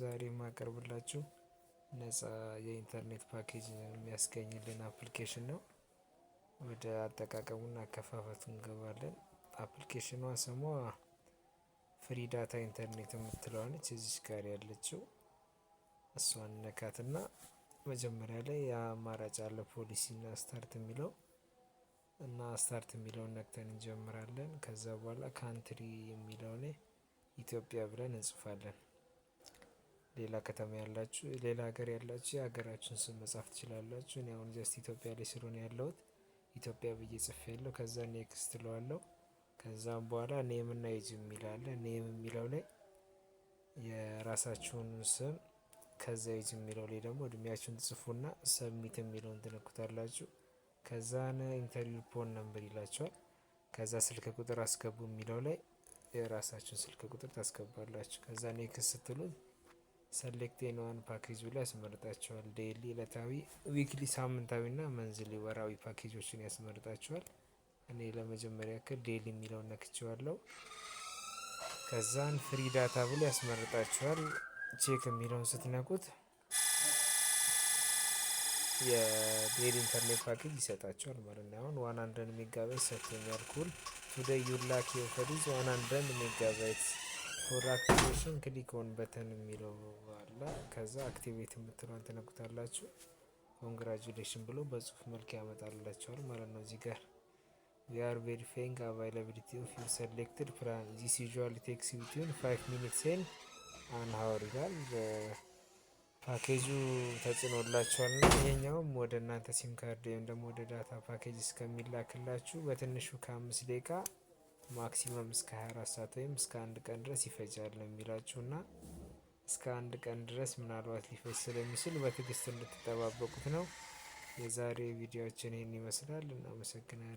ዛሬ የማቀርብላችሁ ነጻ የኢንተርኔት ፓኬጅ የሚያስገኝልን አፕሊኬሽን ነው። ወደ አጠቃቀሙና አከፋፈቱ እንገባለን። አፕሊኬሽኗ ስሟ ፍሪ ዳታ ኢንተርኔት የምትለዋለች እዚች ጋር ያለችው እሷን ነካትና መጀመሪያ ላይ የአማራጭ አለ ፖሊሲ ስታርት የሚለው እና ስታርት የሚለውን ነክተን እንጀምራለን። ከዛ በኋላ ካንትሪ የሚለው ላይ ኢትዮጵያ ብለን እንጽፋለን። ሌላ ከተማ ያላችሁ ሌላ ሀገር ያላችሁ የሀገራችሁን ስም መጻፍ ትችላላችሁ። እኔ አሁን ጀስት ኢትዮጵያ ላይ ስለሆነ ያለሁት ኢትዮጵያ ብዬ ጽፌ ያለው ከዛ ኔክስት ለዋለው ከዛም በኋላ ኔም እና ኤጅ የሚላለ ኔም የሚለው ላይ የራሳችሁን ስም ከዛ ኤጅ የሚለው ላይ ደግሞ እድሜያችሁን ትጽፉና ሰብሚት የሚለውን ትነኩታላችሁ። ከዛን ኢንተርቪው ፖን ነምበር ይላቸዋል። ከዛ ስልክ ቁጥር አስገቡ የሚለው ላይ የራሳችሁን ስልክ ቁጥር ታስገባላችሁ። ከዛ ኔክስት ስትሉት ሰሌክቴን ዋን ፓኬጅ ላይ ያስመርጣቸዋል። ዴይሊ ዕለታዊ፣ ዊክሊ ሳምንታዊ ና መንዝሊ ወራዊ ፓኬጆችን ያስመርጣቸዋል። እኔ ለመጀመሪያ ክል ዴይሊ የሚለው ነክቼዋለሁ። ከዛን ፍሪ ዳታ ብሎ ያስመርጣቸዋል። ቼክ የሚለውን ስትነቁት የዴይሊ ኢንተርኔት ፓኬጅ ይሰጣቸዋል ማለት ነው። አሁን ዋን አንድረድ ሜጋባይት ሰጥቶኛል። ኩል ቱዴይ ዩላክ የውፈዲዝ ዋን አንድረድ ሜጋባይት ፎር አክቲቬሽን ክሊክ ኦን በተን የሚለው አለ። ከዛ አክቲቬት የምትለውን ትነኩታላችሁ። ኮንግራጁሌሽን ብሎ በጽሁፍ መልክ ያመጣላቸዋል ማለት ነው። እዚህ ጋር ዊአር ቬሪፋይንግ አቫይላቢሊቲ ኦፍ ዩ ሰሌክትድ ፕላን ዚስ ዩዥዋሊ ቴክስ ቢትዊን ፋይቭ ሚኒትስ ኤን አን ሀወር ይላል። ፓኬጁ ተጭኖላችኋል እና ይሄኛውም ወደ እናንተ ሲም ካርድ ወይም ደግሞ ወደ ዳታ ፓኬጅ እስከሚላክላችሁ በትንሹ ከአምስት ደቂቃ ማክሲመም እስከ 24 ሰዓት ወይም እስከ አንድ ቀን ድረስ ይፈጃል ነው የሚላችሁ እና እስከ አንድ ቀን ድረስ ምናልባት ሊፈጅ ስለሚችል በትዕግስት እንድትጠባበቁት ነው። የዛሬ ቪዲዮችን ይህን ይመስላል። እናመሰግናለን።